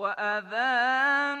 وأذان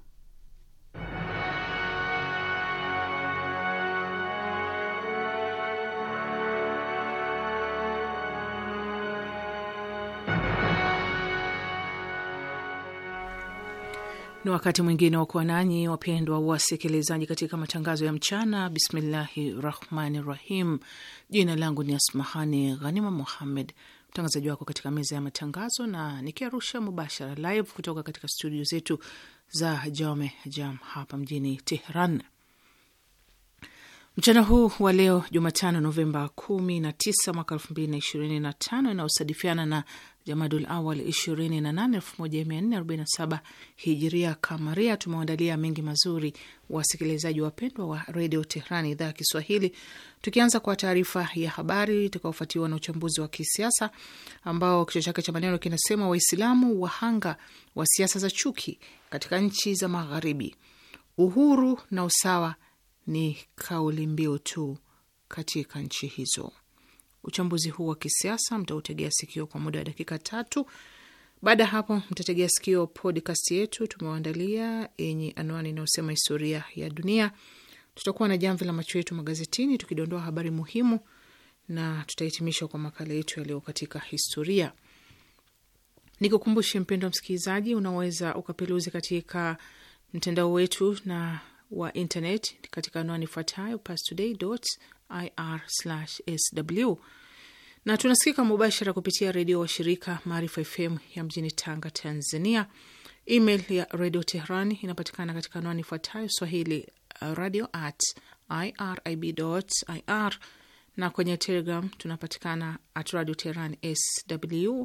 Ni wakati mwingine wa kuwa nanyi wapendwa wasikilizaji, katika matangazo ya mchana. Bismillahi rahmani rahim. Jina langu ni Asmahani Ghanima Muhammed, mtangazaji wako katika meza ya matangazo, na nikiarusha mubashara live kutoka katika studio zetu za Jome Jam hapa mjini Tehran. Mchana huu wa leo Jumatano Novemba 19 mwaka 2025 inaosadifiana na Jamadul Awal 28 1447 hijiria kamaria. Tumeandalia mengi mazuri, wasikilizaji wapendwa wa redio Tehrani, idhaa ya Kiswahili, tukianza kwa taarifa ya habari itakaofuatiwa na uchambuzi wa kisiasa ambao kichwa chake cha maneno kinasema Waislamu wahanga wa siasa za chuki katika nchi za Magharibi, uhuru na usawa ni kauli mbiu tu katika nchi hizo. Uchambuzi huu wa kisiasa mtautegea sikio kwa muda wa dakika tatu. Baada ya hapo, mtategea sikio podcast yetu tumewaandalia yenye anwani inayosema historia ya dunia. Tutakuwa na jamvi la macho yetu magazetini, tukidondoa habari muhimu, na tutahitimisha kwa makala yetu yaliyo katika historia. Nikukumbushe mpendo msikilizaji, unaweza ukapeluzi katika mtandao wetu na wa internet katika anwani ifuatayo pastoday ir/sw na tunasikika mubashara kupitia redio wa shirika Maarifa FM ya mjini Tanga, Tanzania. Email ya redio Teherani inapatikana katika anwani ifuatayo swahili uh, radio at irib ir, na kwenye Telegram tunapatikana at radio Teheran sw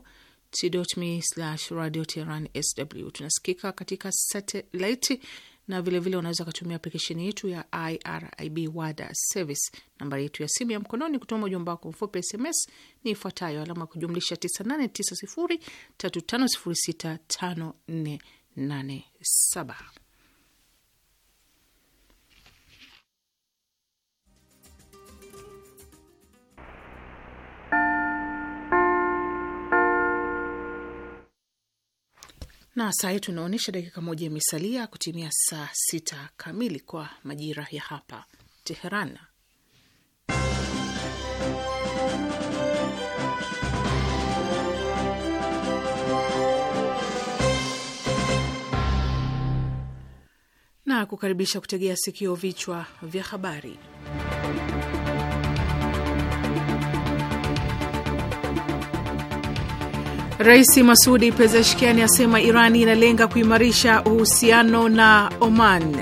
t.me slash radio Teheran sw. Tunasikika katika satelaiti na vilevile unaweza ukatumia aplikesheni yetu ya IRIB wada service. Nambari yetu ya simu ya mkononi kutuma ujumbe wako mfupi SMS ni ifuatayo: alama ya kujumlisha 989035065487 na saa yetu inaonyesha dakika moja imesalia kutimia saa sita kamili kwa majira ya hapa Teheran. Na kukaribisha kutegea sikio vichwa vya habari. Rais Masudi Pezeshkiani asema Iran inalenga kuimarisha uhusiano na Oman.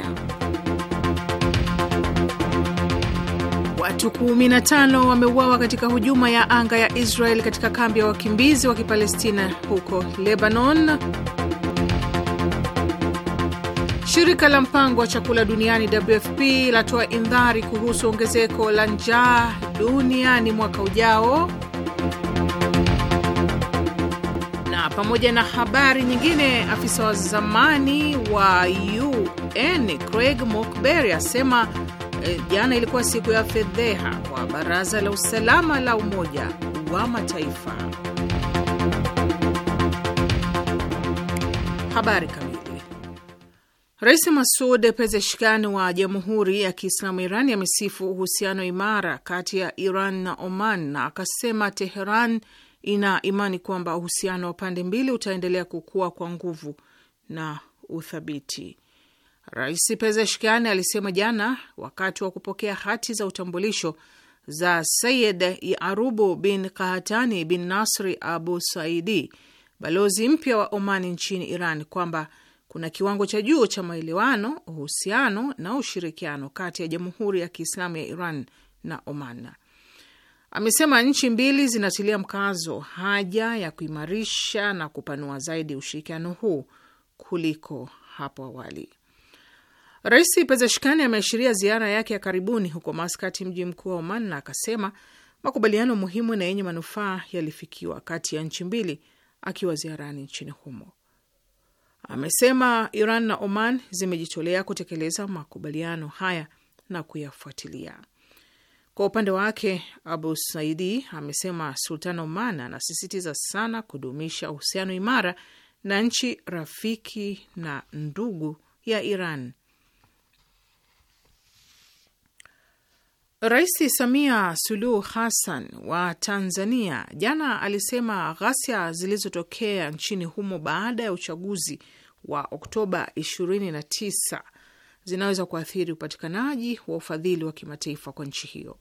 Watu 15 wameuawa katika hujuma ya anga ya Israel katika kambi ya wakimbizi wa Kipalestina huko Lebanon. Shirika la mpango wa chakula duniani WFP latoa indhari kuhusu ongezeko la njaa duniani mwaka ujao. pamoja na habari nyingine. Afisa wa zamani wa UN Craig Mokberry asema eh, jana ilikuwa siku ya fedheha kwa Baraza la Usalama la Umoja wa Mataifa. Habari kamili. Rais Masud Pezeshkani wa Jamhuri ya Kiislamu Iran amesifu uhusiano imara kati ya Iran na Oman na akasema Teheran ina imani kwamba uhusiano wa pande mbili utaendelea kukua kwa nguvu na uthabiti. Rais Pezeshkian alisema jana wakati wa kupokea hati za utambulisho za Sayid Yarubu bin Kahatani bin Nasri Abu Saidi, balozi mpya wa Omani nchini Iran, kwamba kuna kiwango cha juu cha maelewano, uhusiano na ushirikiano kati ya Jamhuri ya Kiislamu ya Iran na Oman. Amesema nchi mbili zinatilia mkazo haja ya kuimarisha na kupanua zaidi ushirikiano huu kuliko hapo awali. Rais Pezeshkani ameashiria ziara yake ya karibuni huko Maskati, mji mkuu wa Oman, na akasema makubaliano muhimu na yenye manufaa yalifikiwa kati ya nchi mbili akiwa ziarani nchini humo. Amesema Iran na Oman zimejitolea kutekeleza makubaliano haya na kuyafuatilia. Kwa upande wake Abu Saidi amesema Sultan Oman anasisitiza sana kudumisha uhusiano imara na nchi rafiki na ndugu ya Iran. Rais Samia Suluhu Hassan wa Tanzania jana alisema ghasia zilizotokea nchini humo baada ya uchaguzi wa Oktoba 29 zinaweza kuathiri upatikanaji wa ufadhili wa kimataifa kwa nchi hiyo.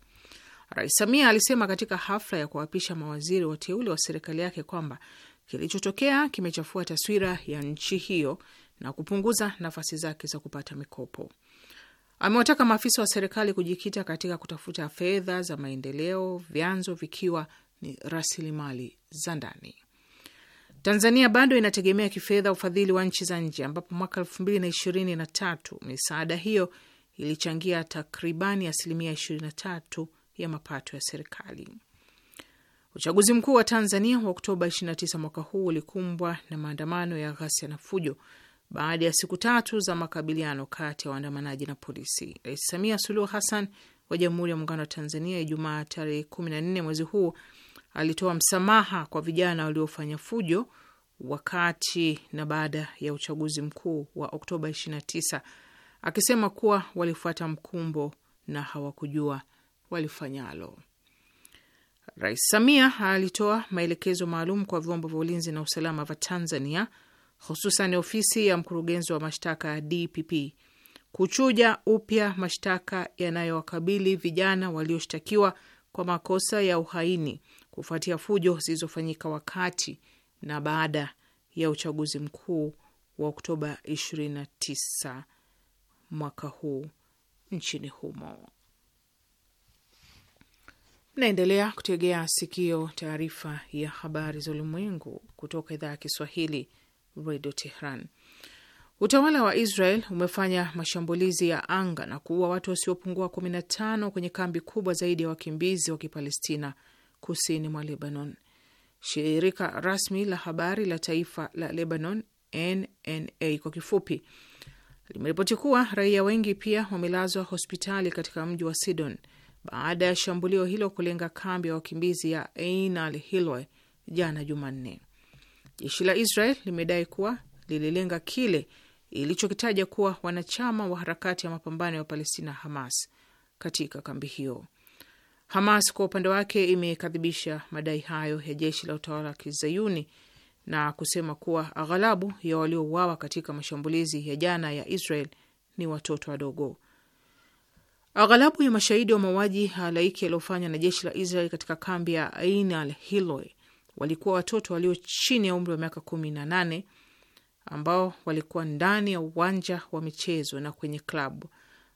Rais Samia alisema katika hafla ya kuwapisha mawaziri wateule wa serikali yake kwamba kilichotokea kimechafua taswira ya nchi hiyo na kupunguza nafasi zake za kupata mikopo. Amewataka maafisa wa serikali kujikita katika kutafuta fedha za maendeleo, vyanzo vikiwa ni rasilimali za ndani. Tanzania bado inategemea kifedha ufadhili wa nchi za nje, ambapo mwaka elfu mbili na ishirini na tatu misaada hiyo ilichangia takribani asilimia ishirini na tatu ya mapato ya serikali. Uchaguzi mkuu wa Tanzania wa Oktoba 29 mwaka huu ulikumbwa na maandamano ya ghasia na fujo baada ya siku tatu za makabiliano kati ya waandamanaji na polisi. Rais Samia Suluhu Hassan wa Jamhuri ya Muungano wa Tanzania Ijumaa tarehe 14 mwezi huu alitoa msamaha kwa vijana waliofanya fujo wakati na baada ya uchaguzi mkuu wa Oktoba 29 akisema kuwa walifuata mkumbo na hawakujua walifanyalo. Rais Samia alitoa maelekezo maalum kwa vyombo vya ulinzi na usalama vya Tanzania, hususan ofisi ya mkurugenzi wa mashtaka ya DPP kuchuja upya mashtaka yanayowakabili vijana walioshtakiwa kwa makosa ya uhaini kufuatia fujo zilizofanyika wakati na baada ya uchaguzi mkuu wa Oktoba 29 mwaka huu nchini humo. Mnaendelea kutegea sikio taarifa ya habari za ulimwengu kutoka idhaa ya Kiswahili, Redio Tehran. Utawala wa Israel umefanya mashambulizi ya anga na kuua watu wasiopungua 15 kwenye kambi kubwa zaidi ya wakimbizi wa Kipalestina kusini mwa Lebanon. Shirika rasmi la habari la taifa la Lebanon, NNA kwa kifupi, limeripoti kuwa raia wengi pia wamelazwa hospitali katika mji wa Sidon baada ya shambulio hilo kulenga kambi ya wakimbizi ya Ain al Hilwe jana Jumanne. Jeshi la Israel limedai kuwa lililenga kile ilichokitaja kuwa wanachama wa harakati ya mapambano ya Palestina, Hamas, katika kambi hiyo. Hamas kwa upande wake imekadhibisha madai hayo ya jeshi la utawala wa kizayuni na kusema kuwa aghalabu ya waliouawa katika mashambulizi ya jana ya Israel ni watoto wadogo. Aghalabu ya mashahidi wa mauaji halaiki yaliyofanywa na jeshi la Israel katika kambi ya Ain al walikuwa watoto walio chini ya umri wa miaka kumi na nane ambao walikuwa ndani ya uwanja wa michezo na kwenye klabu,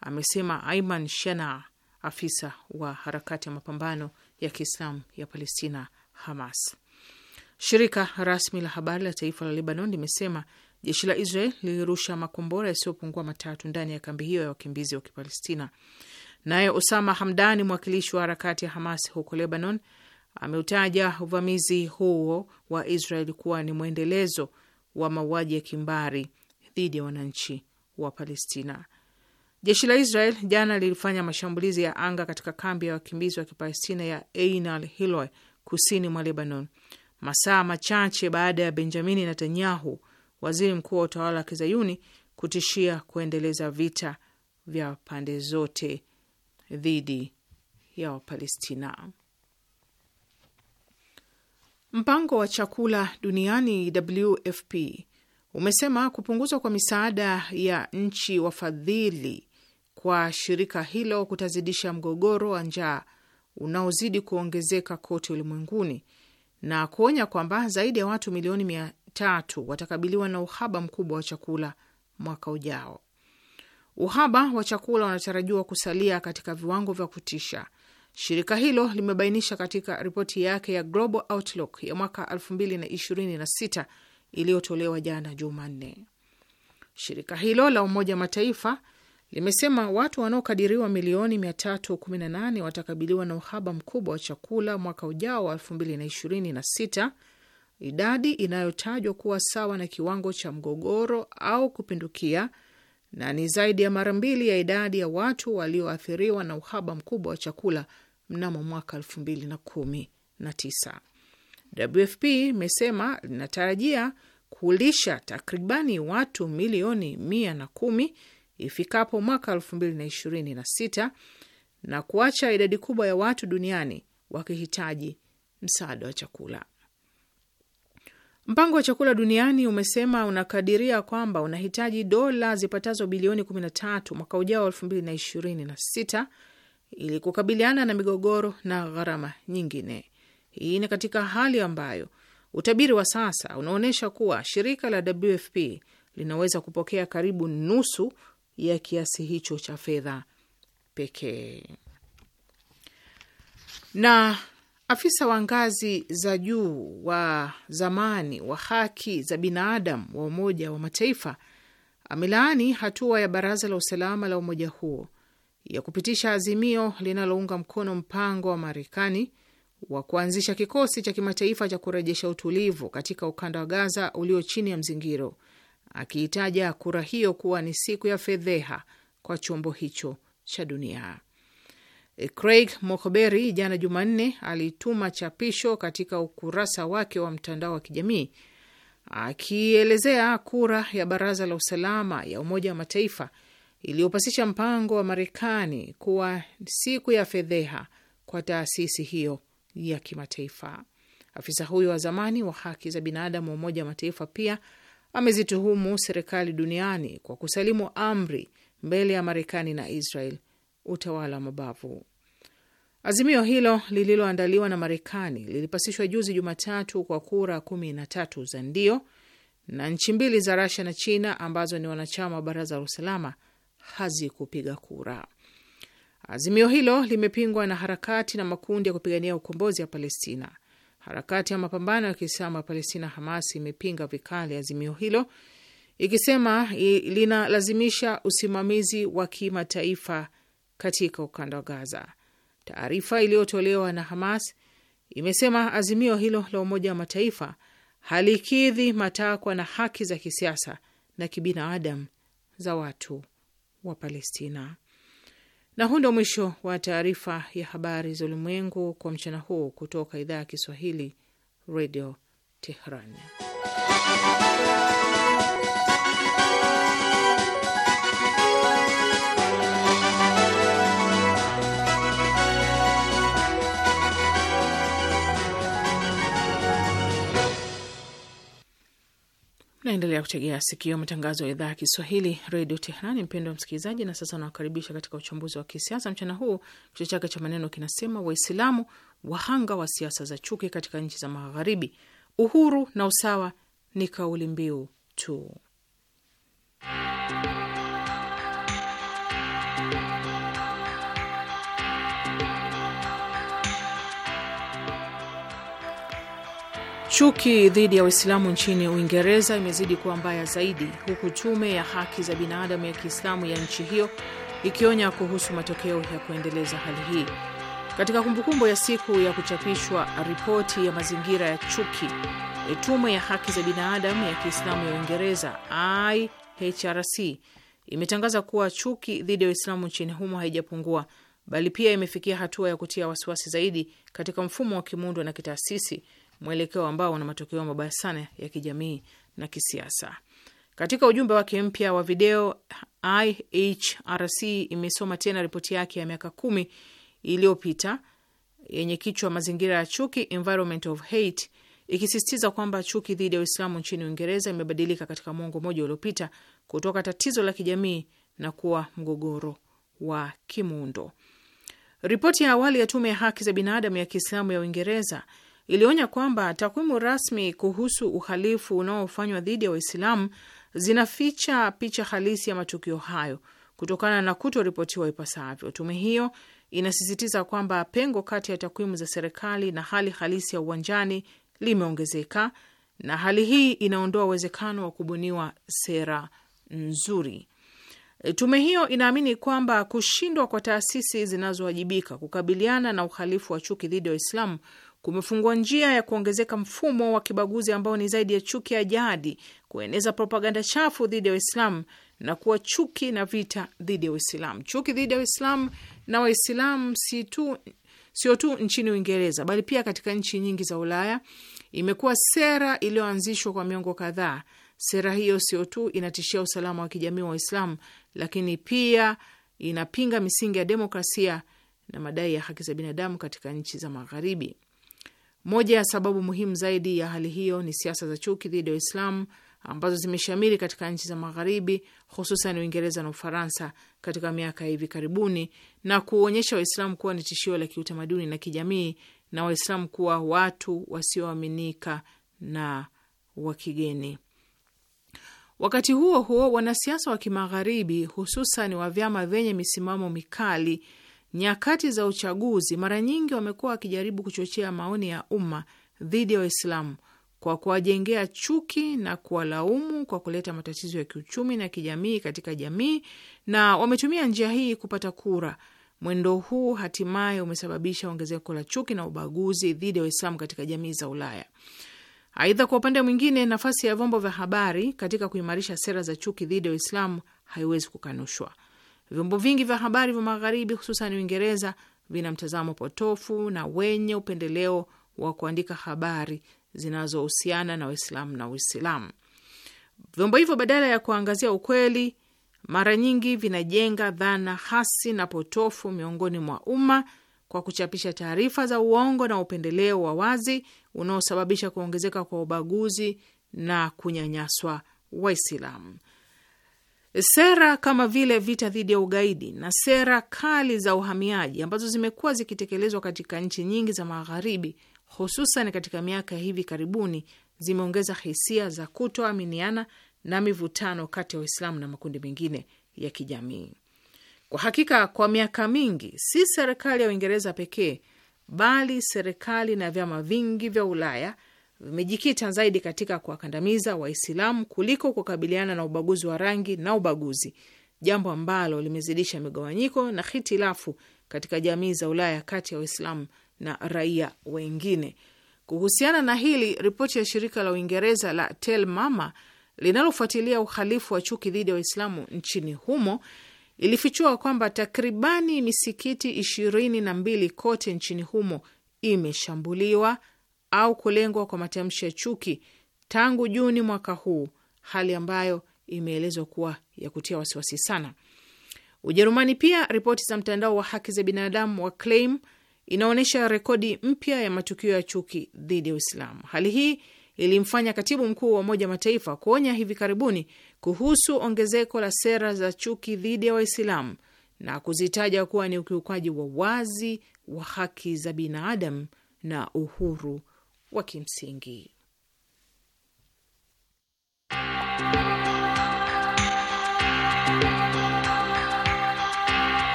amesema Aiman Shanaa, afisa wa harakati ya mapambano ya Kiislamu ya Palestina, Hamas. Shirika rasmi la habari la taifa la lebanon limesema jeshi la Israel lilirusha makombora yasiyopungua matatu ndani ya kambi hiyo ya wakimbizi wa Kipalestina. Naye Osama Hamdani, mwakilishi wa harakati ya Hamas huko Lebanon, ameutaja uvamizi huo wa Israel kuwa ni mwendelezo wa mauaji ya kimbari dhidi ya wananchi wa Palestina. Jeshi la Israel jana lilifanya mashambulizi ya anga katika kambi ya wakimbizi wa Kipalestina ya einal al Hilwa kusini mwa Lebanon, masaa machache baada ya Benjamini Netanyahu, waziri mkuu wa utawala wa Kizayuni, kutishia kuendeleza vita vya pande zote dhidi ya Wapalestina. Mpango wa chakula duniani WFP umesema kupunguzwa kwa misaada ya nchi wafadhili kwa shirika hilo kutazidisha mgogoro wa njaa unaozidi kuongezeka kote ulimwenguni na kuonya kwamba zaidi ya watu milioni mia tatu watakabiliwa na uhaba mkubwa wa chakula mwaka ujao. Uhaba wa chakula unatarajiwa kusalia katika viwango vya kutisha, shirika hilo limebainisha katika ripoti yake ya Global Outlook ya mwaka 2026 iliyotolewa jana Jumanne. Shirika hilo la Umoja Mataifa limesema watu wanaokadiriwa milioni 318 watakabiliwa na uhaba mkubwa wa chakula mwaka ujao wa 2026, idadi inayotajwa kuwa sawa na kiwango cha mgogoro au kupindukia na ni zaidi ya mara mbili ya idadi ya watu walioathiriwa na uhaba mkubwa wa chakula mnamo mwaka 2019. WFP imesema linatarajia kulisha takribani watu milioni 110 ifikapo mwaka 2026 na kuacha idadi kubwa ya watu duniani wakihitaji msaada wa chakula. Mpango wa chakula duniani umesema unakadiria kwamba unahitaji dola zipatazo bilioni 13 mwaka ujao 2026 ili kukabiliana na migogoro na gharama nyingine. Hii ni katika hali ambayo utabiri wa sasa unaonyesha kuwa shirika la WFP linaweza kupokea karibu nusu ya kiasi hicho cha fedha pekee. Na afisa wa ngazi za juu wa zamani wa haki za binadamu wa Umoja wa Mataifa amelaani hatua ya Baraza la Usalama la umoja huo ya kupitisha azimio linalounga mkono mpango wa Marekani wa kuanzisha kikosi cha kimataifa cha kurejesha utulivu katika ukanda wa Gaza ulio chini ya mzingiro akiitaja kura hiyo kuwa ni siku ya fedheha kwa chombo hicho cha dunia. Craig Mokberi jana Jumanne alituma chapisho katika ukurasa wake wa mtandao wa kijamii akielezea kura ya Baraza la Usalama ya Umoja wa Mataifa iliyopasisha mpango wa Marekani kuwa siku ya fedheha kwa taasisi hiyo ya kimataifa. Afisa huyo wa zamani wa haki za binadamu wa Umoja wa Mataifa pia amezituhumu serikali duniani kwa kusalimu amri mbele ya Marekani na Israel utawala wa mabavu. Azimio hilo lililoandaliwa na Marekani lilipasishwa juzi Jumatatu kwa kura kumi na tatu za ndio, na nchi mbili za Rasia na China ambazo ni wanachama wa Baraza la Usalama hazikupiga kura. Azimio hilo limepingwa na harakati na makundi ya kupigania ukombozi wa Palestina Harakati ya mapambano ya Kiislamu ya Palestina, Hamas, imepinga vikali azimio hilo ikisema linalazimisha usimamizi wa kimataifa katika ukanda wa Gaza. Taarifa iliyotolewa na Hamas imesema azimio hilo la Umoja wa Mataifa halikidhi matakwa na haki za kisiasa na kibinadamu za watu wa Palestina. Na huu ndio mwisho wa taarifa ya habari za ulimwengu kwa mchana huu kutoka idhaa ya Kiswahili, Radio Tehran. Naendelea kutegea sikio matangazo ya idhaa ya Kiswahili redio Teherani, mpendo wa msikilizaji. Na sasa nawakaribisha katika uchambuzi wa kisiasa mchana huu. Kichwa chake cha maneno kinasema: Waislamu wahanga wa siasa za chuki katika nchi za Magharibi. Uhuru na usawa ni kauli mbiu tu. Chuki dhidi ya Waislamu nchini Uingereza imezidi kuwa mbaya zaidi, huku tume ya haki za binadamu ya Kiislamu ya nchi hiyo ikionya kuhusu matokeo ya kuendeleza hali hii. Katika kumbukumbu ya siku ya kuchapishwa ripoti ya mazingira ya chuki, e, tume ya haki za binadamu ya Kiislamu ya Uingereza IHRC imetangaza kuwa chuki dhidi ya Waislamu nchini humo haijapungua, bali pia imefikia hatua ya kutia wasiwasi zaidi katika mfumo wa kimuundo na kitaasisi mwelekeo ambao una matokeo mabaya sana ya kijamii na kisiasa. Katika ujumbe wake mpya wa video, IHRC imesoma tena ripoti yake ya miaka kumi iliyopita yenye kichwa mazingira ya chuki, environment of hate, ikisisitiza kwamba chuki dhidi ya Uislamu nchini Uingereza imebadilika katika mwongo mmoja uliopita kutoka tatizo la kijamii na kuwa mgogoro wa kimuundo. Ripoti ya awali ya tume ya haki za binadamu ya Kiislamu ya Uingereza ilionya kwamba takwimu rasmi kuhusu uhalifu unaofanywa dhidi ya Waislamu zinaficha picha halisi ya matukio hayo kutokana na kutoripotiwa ipasavyo. Tume hiyo inasisitiza kwamba pengo kati ya takwimu za serikali na hali halisi ya uwanjani limeongezeka na hali hii inaondoa uwezekano wa kubuniwa sera nzuri. E, tume hiyo inaamini kwamba kushindwa kwa taasisi zinazowajibika kukabiliana na uhalifu wa chuki dhidi ya Waislamu kumefungua njia ya kuongezeka mfumo wa kibaguzi ambao ni zaidi ya chuki ya jadi, kueneza propaganda chafu dhidi ya waislam na kuwa chuki na vita dhidi ya Uislamu. Chuki dhidi ya waislam na waislam si tu sio tu nchini Uingereza bali pia katika nchi nyingi za Ulaya imekuwa sera iliyoanzishwa kwa miongo kadhaa. Sera hiyo sio tu inatishia usalama wa kijamii wa waislam lakini pia inapinga misingi ya demokrasia na madai ya haki za binadamu katika nchi za Magharibi. Moja ya sababu muhimu zaidi ya hali hiyo ni siasa za chuki dhidi ya Uislamu ambazo zimeshamiri katika nchi za Magharibi, hususan Uingereza na Ufaransa katika miaka ya hivi karibuni, na kuonyesha Waislamu kuwa ni tishio la kiutamaduni na kijamii na Waislamu kuwa watu wasioaminika na wa kigeni. Wakati huo huo, wanasiasa wa Kimagharibi, hususan wa vyama vyenye misimamo mikali nyakati za uchaguzi mara nyingi wamekuwa wakijaribu kuchochea maoni ya umma dhidi ya Waislamu kwa kuwajengea chuki na kuwalaumu kwa kuleta matatizo ya kiuchumi na kijamii katika jamii, na wametumia njia hii kupata kura. Mwendo huu hatimaye umesababisha ongezeko la chuki na ubaguzi dhidi ya Waislamu katika jamii za Ulaya. Aidha, kwa upande mwingine, nafasi ya vyombo vya habari katika kuimarisha sera za chuki dhidi ya Waislamu haiwezi kukanushwa. Vyombo vingi vya habari vya Magharibi, hususan Uingereza, vina mtazamo potofu na wenye upendeleo wa kuandika habari zinazohusiana na Waislamu na Uislamu. Vyombo hivyo badala ya kuangazia ukweli, mara nyingi vinajenga dhana hasi na potofu miongoni mwa umma kwa kuchapisha taarifa za uongo na upendeleo wa wazi unaosababisha kuongezeka kwa ubaguzi na kunyanyaswa Waislamu. Sera kama vile vita dhidi ya ugaidi na sera kali za uhamiaji ambazo zimekuwa zikitekelezwa katika nchi nyingi za Magharibi, hususan katika miaka hivi karibuni, zimeongeza hisia za kutoaminiana na mivutano kati ya Waislamu na makundi mengine ya kijamii. Kwa hakika, kwa miaka mingi si serikali ya Uingereza pekee, bali serikali na vyama vingi vya Ulaya vimejikita zaidi katika kuwakandamiza Waislamu kuliko kukabiliana na ubaguzi wa rangi na ubaguzi, jambo ambalo limezidisha migawanyiko na hitilafu katika jamii za Ulaya kati ya Waislamu na raia wengine. Kuhusiana na hili, ripoti ya shirika la Uingereza la Tel Mama linalofuatilia uhalifu wa chuki dhidi ya Waislamu nchini humo ilifichua kwamba takribani misikiti ishirini na mbili kote nchini humo imeshambuliwa au kulengwa kwa matamshi ya chuki tangu Juni mwaka huu, hali ambayo imeelezwa kuwa ya kutia wasiwasi sana. Ujerumani pia, ripoti za mtandao wa haki za binadamu wa Claim inaonyesha rekodi mpya ya matukio ya chuki dhidi ya Uislamu. Hali hii ilimfanya katibu mkuu wa Umoja Mataifa kuonya hivi karibuni kuhusu ongezeko la sera za chuki dhidi ya Waislamu na kuzitaja kuwa ni ukiukaji wa wazi wa haki za binadamu na uhuru wa kimsingi.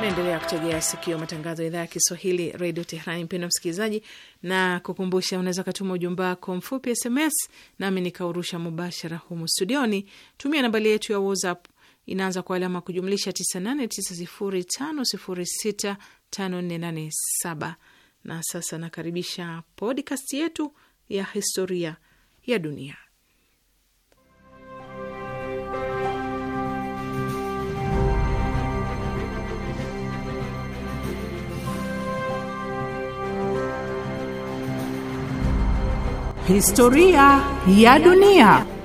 Naendelea kutegea sikio matangazo ya idhaa ya Kiswahili redio Tehrani, mpendo msikilizaji, na kukumbusha, unaweza ukatuma ujumbe wako mfupi SMS nami nikaurusha mubashara humu studioni. Tumia nambari yetu ya WhatsApp inaanza kwa alama kujumlisha 98905006 5487. Na sasa nakaribisha podcast yetu ya historia ya dunia. Historia ya dunia.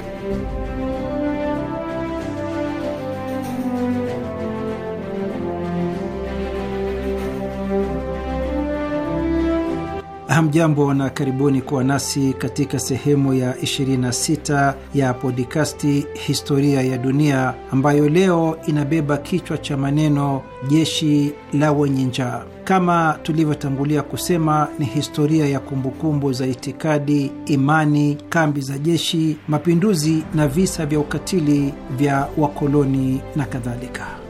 Hamjambo na karibuni kuwa nasi katika sehemu ya 26 ya podikasti Historia ya Dunia, ambayo leo inabeba kichwa cha maneno jeshi la wenye njaa. Kama tulivyotangulia kusema, ni historia ya kumbukumbu za itikadi, imani, kambi za jeshi, mapinduzi na visa vya ukatili vya wakoloni na kadhalika.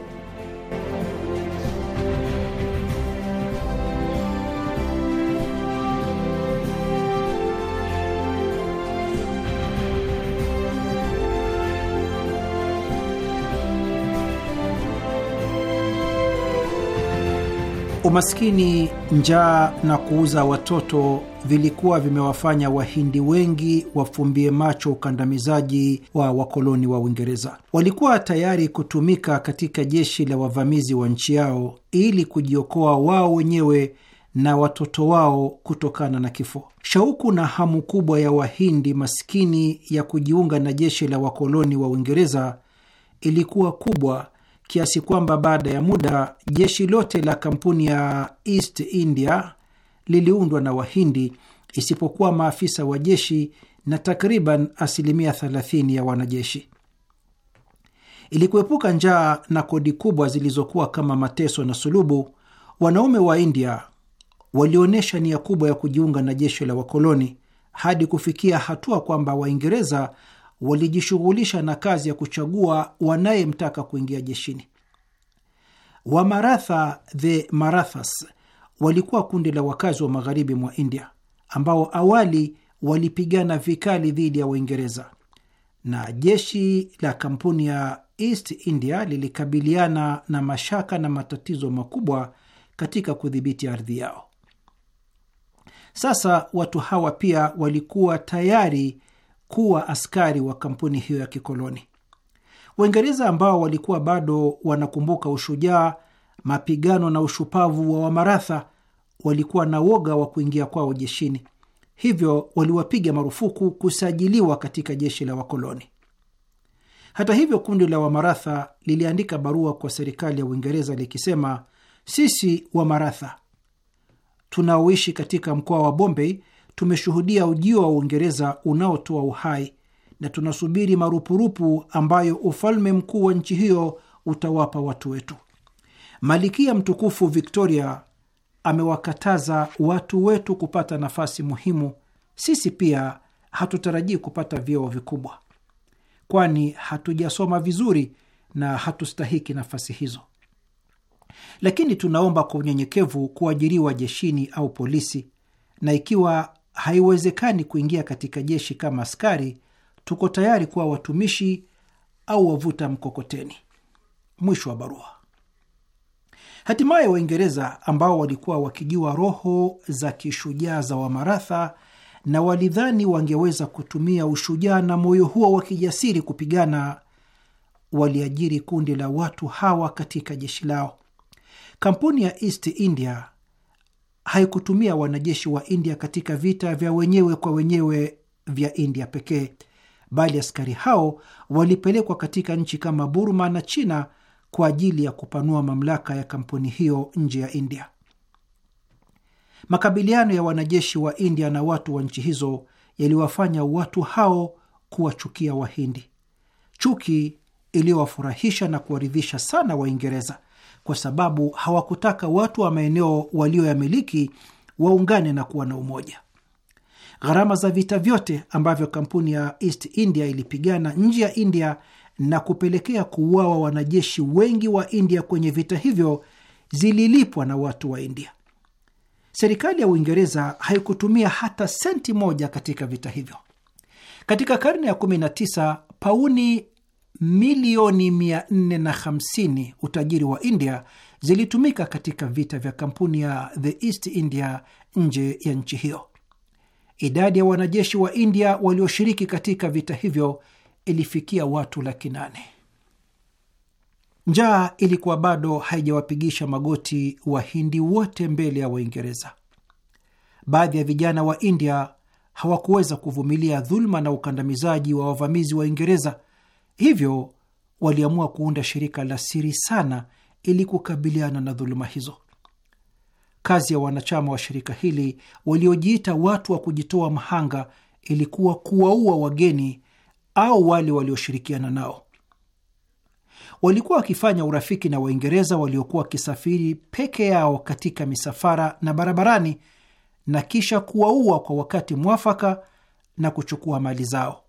Umaskini, njaa na kuuza watoto vilikuwa vimewafanya Wahindi wengi wafumbie macho ukandamizaji wa wakoloni wa Uingereza. Walikuwa tayari kutumika katika jeshi la wavamizi wa nchi yao ili kujiokoa wao wenyewe na watoto wao kutokana na kifo. Shauku na hamu kubwa ya Wahindi maskini ya kujiunga na jeshi la wakoloni wa Uingereza ilikuwa kubwa kiasi kwamba baada ya muda jeshi lote la kampuni ya East India liliundwa na Wahindi isipokuwa maafisa wa jeshi na takriban asilimia 30 ya wanajeshi. Ili kuepuka njaa na kodi kubwa zilizokuwa kama mateso na sulubu, wanaume wa India walionyesha nia kubwa ya kujiunga na jeshi la wakoloni hadi kufikia hatua kwamba Waingereza walijishughulisha na kazi ya kuchagua wanayemtaka kuingia jeshini. Wamaratha, the Marathas, walikuwa kundi la wakazi wa magharibi mwa India ambao awali walipigana vikali dhidi ya Waingereza na jeshi la kampuni ya East India lilikabiliana na mashaka na matatizo makubwa katika kudhibiti ardhi yao. Sasa watu hawa pia walikuwa tayari kuwa askari wa kampuni hiyo ya kikoloni. Waingereza ambao walikuwa bado wanakumbuka ushujaa, mapigano na ushupavu wa Wamaratha walikuwa na woga wa kuingia kwao jeshini, hivyo waliwapiga marufuku kusajiliwa katika jeshi la wakoloni. Hata hivyo, kundi la Wamaratha liliandika barua kwa serikali ya Uingereza likisema, sisi Wamaratha tunaoishi katika mkoa wa Bombay tumeshuhudia ujio wa Uingereza unaotoa uhai na tunasubiri marupurupu ambayo ufalme mkuu wa nchi hiyo utawapa watu wetu. Malikia mtukufu Victoria amewakataza watu wetu kupata nafasi muhimu. Sisi pia hatutarajii kupata vyeo vikubwa, kwani hatujasoma vizuri na hatustahiki nafasi hizo, lakini tunaomba kwa unyenyekevu kuajiriwa jeshini au polisi, na ikiwa haiwezekani kuingia katika jeshi kama askari, tuko tayari kuwa watumishi au wavuta mkokoteni. Mwisho wa barua. Hatimaye Waingereza ambao walikuwa wakijua roho za kishujaa za Wamaratha na walidhani wangeweza kutumia ushujaa na moyo huo wa kijasiri kupigana, waliajiri kundi la watu hawa katika jeshi lao. Kampuni ya East India haikutumia wanajeshi wa India katika vita vya wenyewe kwa wenyewe vya India pekee, bali askari hao walipelekwa katika nchi kama Burma na China kwa ajili ya kupanua mamlaka ya kampuni hiyo nje ya India. Makabiliano ya wanajeshi wa India na watu wa nchi hizo yaliwafanya watu hao kuwachukia Wahindi, chuki iliyowafurahisha na kuwaridhisha sana Waingereza kwa sababu hawakutaka watu wa maeneo walioyamiliki waungane na kuwa na umoja. Gharama za vita vyote ambavyo kampuni ya East India ilipigana nje ya India na kupelekea kuuawa wanajeshi wengi wa India kwenye vita hivyo zililipwa na watu wa India. Serikali ya Uingereza haikutumia hata senti moja katika vita hivyo. Katika karne ya 19 pauni milioni 450 utajiri wa India zilitumika katika vita vya kampuni ya The East India nje ya nchi hiyo. Idadi ya wanajeshi wa India walioshiriki katika vita hivyo ilifikia watu laki nane. Njaa ilikuwa bado haijawapigisha magoti Wahindi wote mbele ya Waingereza. Baadhi ya vijana wa India hawakuweza kuvumilia dhuluma na ukandamizaji wa wavamizi wa Uingereza Hivyo waliamua kuunda shirika la siri sana ili kukabiliana na dhuluma hizo. Kazi ya wanachama wa shirika hili waliojiita watu wa kujitoa mhanga ilikuwa kuwaua wageni au wale walioshirikiana nao. Walikuwa wakifanya urafiki na Waingereza waliokuwa wakisafiri peke yao katika misafara na barabarani, na kisha kuwaua kwa wakati mwafaka na kuchukua mali zao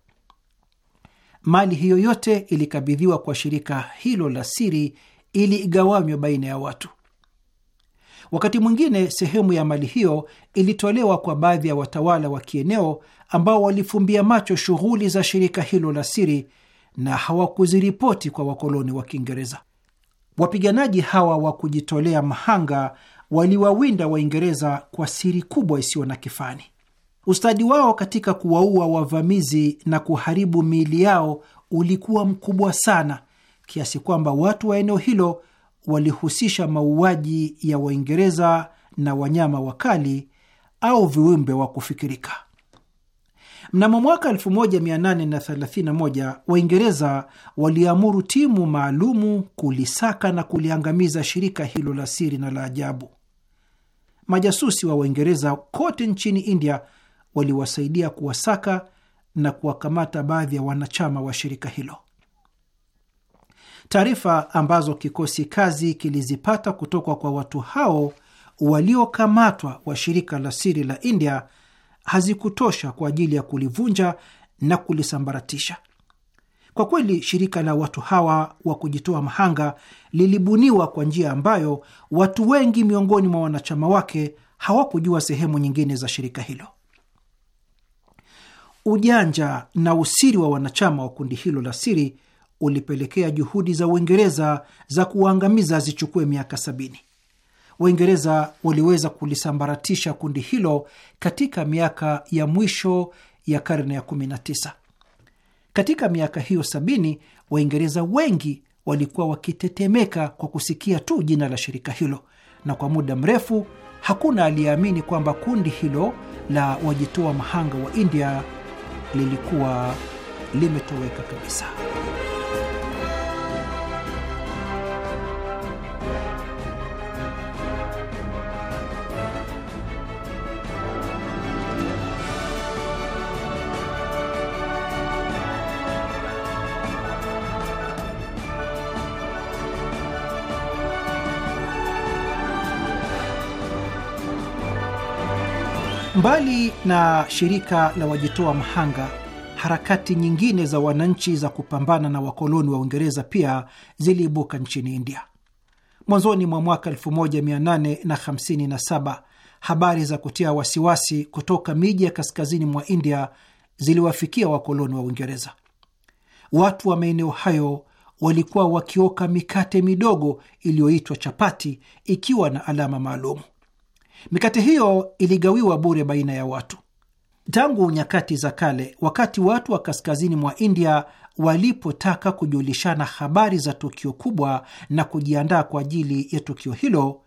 mali hiyo yote ilikabidhiwa kwa shirika hilo la siri ili igawanywe baina ya watu. Wakati mwingine sehemu ya mali hiyo ilitolewa kwa baadhi ya watawala wa kieneo ambao walifumbia macho shughuli za shirika hilo la siri na hawakuziripoti kwa wakoloni wa Kiingereza. Wapiganaji hawa wa kujitolea mhanga waliwawinda Waingereza kwa siri kubwa isiyo na kifani. Ustadi wao katika kuwaua wavamizi na kuharibu miili yao ulikuwa mkubwa sana kiasi kwamba watu wa eneo hilo walihusisha mauaji ya Waingereza na wanyama wakali au viumbe wa kufikirika. Mnamo mwaka 1831 Waingereza waliamuru timu maalumu kulisaka na kuliangamiza shirika hilo la siri na la ajabu. Majasusi wa Waingereza kote nchini India waliwasaidia kuwasaka na kuwakamata baadhi ya wanachama wa shirika hilo. Taarifa ambazo kikosi kazi kilizipata kutoka kwa watu hao waliokamatwa wa shirika la siri la India hazikutosha kwa ajili ya kulivunja na kulisambaratisha. Kwa kweli, shirika la watu hawa wa kujitoa mhanga lilibuniwa kwa njia ambayo watu wengi miongoni mwa wanachama wake hawakujua sehemu nyingine za shirika hilo. Ujanja na usiri wa wanachama wa kundi hilo la siri ulipelekea juhudi za Uingereza za kuwaangamiza zichukue miaka sabini. Waingereza waliweza kulisambaratisha kundi hilo katika miaka ya mwisho ya karne ya 19. Katika miaka hiyo sabini, Waingereza wengi walikuwa wakitetemeka kwa kusikia tu jina la shirika hilo, na kwa muda mrefu hakuna aliyeamini kwamba kundi hilo la wajitoa mahanga wa India lilikuwa limetoweka kabisa. Mbali na shirika la wajitoa mhanga, harakati nyingine za wananchi za kupambana na wakoloni wa Uingereza pia ziliibuka nchini India. Mwanzoni mwa mwaka 1857 habari za kutia wasiwasi kutoka miji ya kaskazini mwa India ziliwafikia wakoloni wa Uingereza. Watu wa maeneo hayo walikuwa wakioka mikate midogo iliyoitwa chapati ikiwa na alama maalum. Mikate hiyo iligawiwa bure baina ya watu. Tangu nyakati za kale, wakati watu wa kaskazini mwa India walipotaka kujulishana habari za tukio kubwa na kujiandaa kwa ajili ya tukio hilo,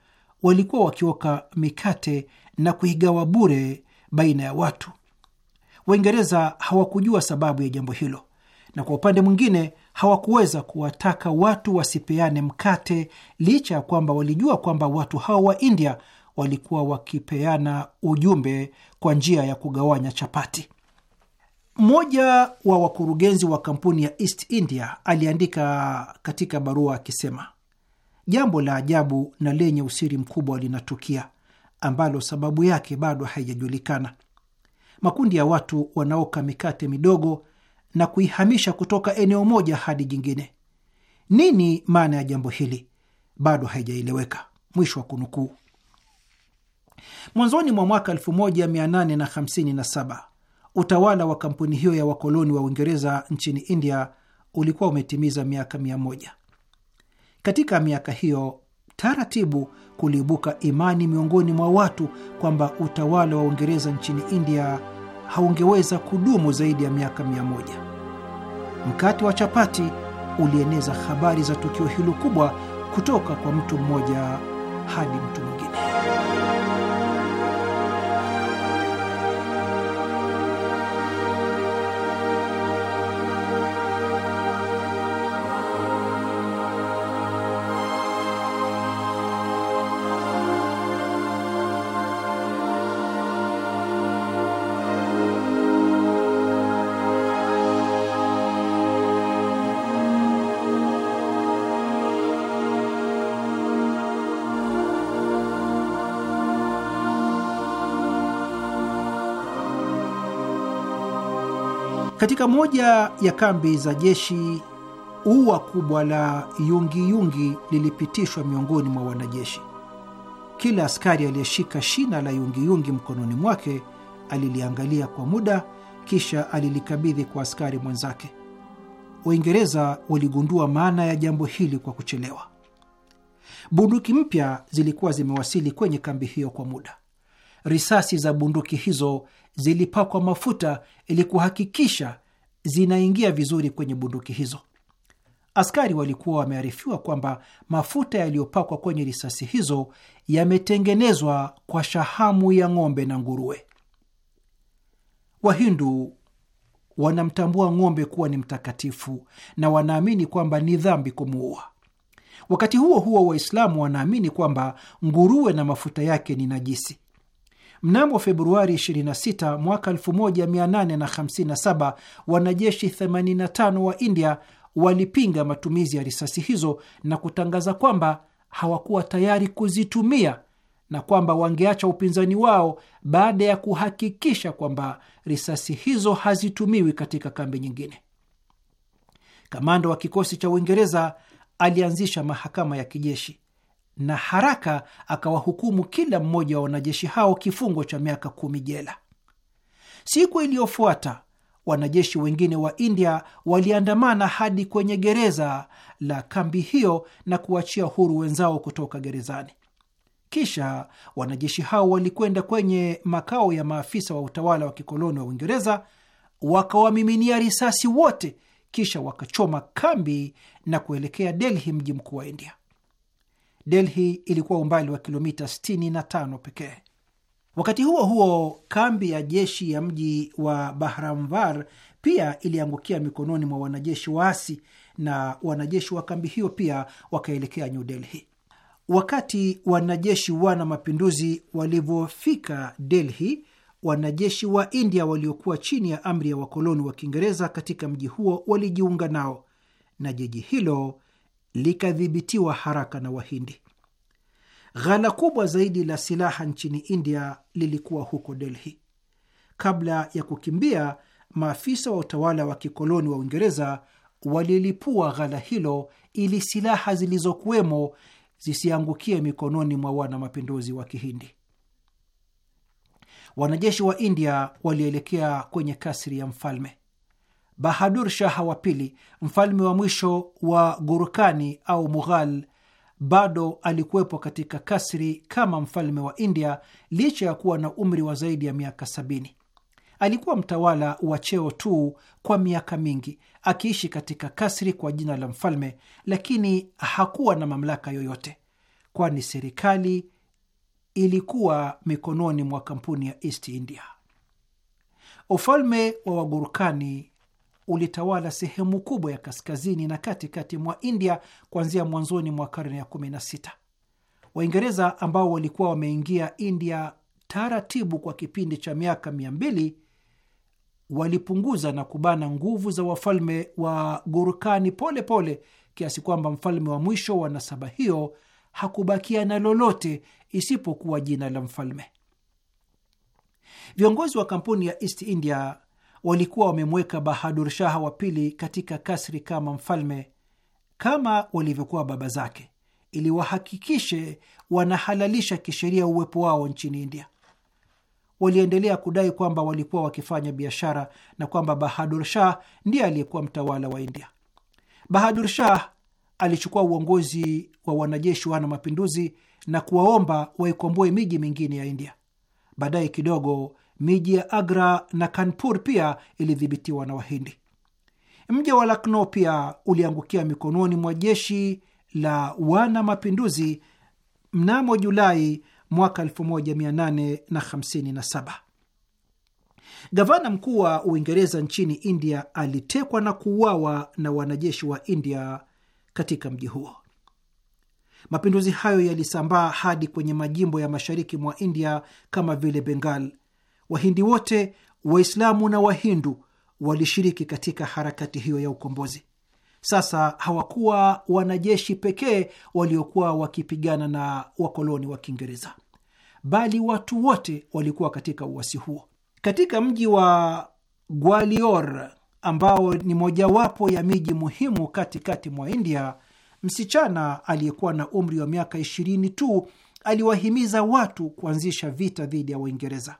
walikuwa wakioka mikate na kuigawa bure baina ya watu. Waingereza hawakujua sababu ya jambo hilo, na kwa upande mwingine hawakuweza kuwataka watu wasipeane mkate, licha ya kwamba walijua kwamba watu hao wa India walikuwa wakipeana ujumbe kwa njia ya kugawanya chapati. Mmoja wa wakurugenzi wa kampuni ya East India aliandika katika barua akisema, jambo la ajabu na lenye usiri mkubwa linatukia ambalo sababu yake bado haijajulikana. Makundi ya watu wanaoka mikate midogo na kuihamisha kutoka eneo moja hadi jingine. Nini maana ya jambo hili? Bado haijaeleweka. Mwisho wa kunukuu. Mwanzoni mwa mwaka 1857 utawala wa kampuni hiyo ya wakoloni wa Uingereza nchini India ulikuwa umetimiza miaka mia Katika miaka hiyo taratibu kuliibuka imani miongoni mwa watu kwamba utawala wa Uingereza nchini India haungeweza kudumu zaidi ya miaka mia mkati Mkate wa chapati ulieneza habari za tukio hilo kubwa kutoka kwa mtu mmoja hadi mtu mwingine. Katika moja ya kambi za jeshi, ua kubwa la yungiyungi lilipitishwa miongoni mwa wanajeshi. Kila askari aliyeshika shina la yungiyungi mkononi mwake aliliangalia kwa muda, kisha alilikabidhi kwa askari mwenzake. Waingereza waligundua maana ya jambo hili kwa kuchelewa. Bunduki mpya zilikuwa zimewasili kwenye kambi hiyo kwa muda. Risasi za bunduki hizo zilipakwa mafuta ili kuhakikisha zinaingia vizuri kwenye bunduki hizo. Askari walikuwa wamearifiwa kwamba mafuta yaliyopakwa kwenye risasi hizo yametengenezwa kwa shahamu ya ng'ombe na nguruwe. Wahindu wanamtambua ng'ombe kuwa ni mtakatifu na wanaamini kwamba ni dhambi kumuua. Wakati huo huo, Waislamu wanaamini kwamba nguruwe na mafuta yake ni najisi. Mnamo Februari 26 mwaka 1857 wanajeshi 85 wa India walipinga matumizi ya risasi hizo na kutangaza kwamba hawakuwa tayari kuzitumia na kwamba wangeacha upinzani wao baada ya kuhakikisha kwamba risasi hizo hazitumiwi katika kambi nyingine. Kamanda wa kikosi cha Uingereza alianzisha mahakama ya kijeshi na haraka akawahukumu kila mmoja wa wanajeshi hao kifungo cha miaka kumi jela. Siku iliyofuata wanajeshi wengine wa India waliandamana hadi kwenye gereza la kambi hiyo na kuachia huru wenzao kutoka gerezani. Kisha wanajeshi hao walikwenda kwenye makao ya maafisa wa utawala wa kikoloni wa Uingereza, wakawamiminia risasi wote, kisha wakachoma kambi na kuelekea Delhi, mji mkuu wa India. Delhi ilikuwa umbali wa kilomita 65 pekee. Wakati huo huo, kambi ya jeshi ya mji wa Bahramvar pia iliangukia mikononi mwa wanajeshi waasi, na wanajeshi wa kambi hiyo pia wakaelekea New Delhi. Wakati wanajeshi wana mapinduzi walivyofika Delhi, wanajeshi wa India waliokuwa chini ya amri ya wakoloni wa Kiingereza katika mji huo walijiunga nao na jiji hilo likadhibitiwa haraka na Wahindi. Ghala kubwa zaidi la silaha nchini India lilikuwa huko Delhi. Kabla ya kukimbia, maafisa wa utawala wa kikoloni wa Uingereza walilipua ghala hilo ili silaha zilizokuwemo zisiangukie mikononi mwa wana mapinduzi wa Kihindi. Wanajeshi wa India walielekea kwenye kasri ya mfalme. Bahadur Shaha wa pili, mfalme wa mwisho wa Gurukani au Mughal, bado alikuwepo katika kasri kama mfalme wa India licha ya kuwa na umri wa zaidi ya miaka sabini. Alikuwa mtawala wa cheo tu kwa miaka mingi, akiishi katika kasri kwa jina la mfalme, lakini hakuwa na mamlaka yoyote, kwani serikali ilikuwa mikononi mwa kampuni ya East India. Ufalme wa Wagurukani ulitawala sehemu kubwa ya kaskazini na katikati mwa India kuanzia mwanzoni mwa karne ya 16. Waingereza ambao walikuwa wameingia India taratibu kwa kipindi cha miaka 200 walipunguza na kubana nguvu za wafalme wa Gurkani pole pole kiasi kwamba mfalme wa mwisho wa nasaba hiyo hakubakia na lolote isipokuwa jina la mfalme. Viongozi wa kampuni ya East India walikuwa wamemweka Bahadur Shaha wa pili katika kasri kama mfalme kama walivyokuwa baba zake, ili wahakikishe wanahalalisha kisheria uwepo wao nchini India. Waliendelea kudai kwamba walikuwa wakifanya biashara na kwamba Bahadur Shah ndiye aliyekuwa mtawala wa India. Bahadur Shah alichukua uongozi wa wanajeshi wana mapinduzi na kuwaomba waikomboe miji mingine ya India. Baadaye kidogo Miji ya Agra na Kanpur pia ilidhibitiwa na Wahindi. Mji wa Lakno pia uliangukia mikononi mwa jeshi la wana mapinduzi mnamo Julai mwaka 1857. Gavana mkuu wa Uingereza nchini India alitekwa na kuuawa na wanajeshi wa India katika mji huo. Mapinduzi hayo yalisambaa hadi kwenye majimbo ya mashariki mwa India kama vile Bengal Wahindi wote, Waislamu na Wahindu, walishiriki katika harakati hiyo ya ukombozi. Sasa hawakuwa wanajeshi pekee waliokuwa wakipigana na wakoloni wa Kiingereza, bali watu wote walikuwa katika uasi huo. Katika mji wa Gwalior ambao ni mojawapo ya miji muhimu katikati mwa India, msichana aliyekuwa na umri wa miaka ishirini tu aliwahimiza watu kuanzisha vita dhidi ya Waingereza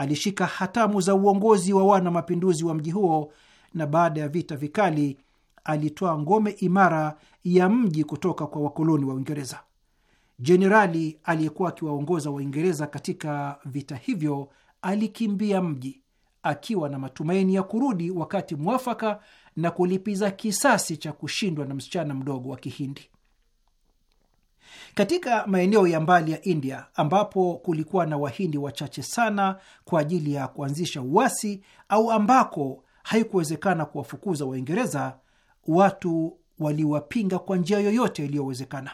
alishika hatamu za uongozi wa wana mapinduzi wa mji huo, na baada ya vita vikali alitoa ngome imara ya mji kutoka kwa wakoloni wa Uingereza. Jenerali aliyekuwa akiwaongoza Waingereza katika vita hivyo alikimbia mji akiwa na matumaini ya kurudi wakati mwafaka na kulipiza kisasi cha kushindwa na msichana mdogo wa Kihindi katika maeneo ya mbali ya India ambapo kulikuwa na Wahindi wachache sana kwa ajili ya kuanzisha uasi au ambako haikuwezekana kuwafukuza Waingereza, watu waliwapinga kwa njia yoyote iliyowezekana.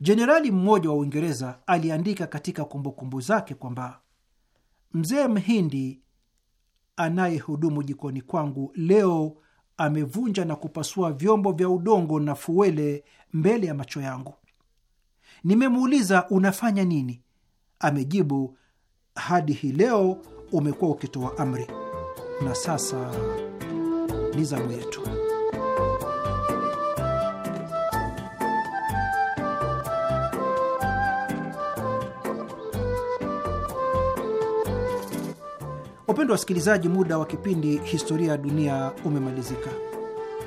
Jenerali mmoja wa Uingereza aliandika katika kumbukumbu zake kwamba mzee Mhindi anayehudumu jikoni kwangu leo amevunja na kupasua vyombo vya udongo na fuwele mbele ya macho yangu. Nimemuuliza, unafanya nini? Amejibu, hadi hii leo umekuwa ukitoa amri, na sasa ni zamu yetu. Wapendwa wasikilizaji, muda wa kipindi Historia ya Dunia umemalizika.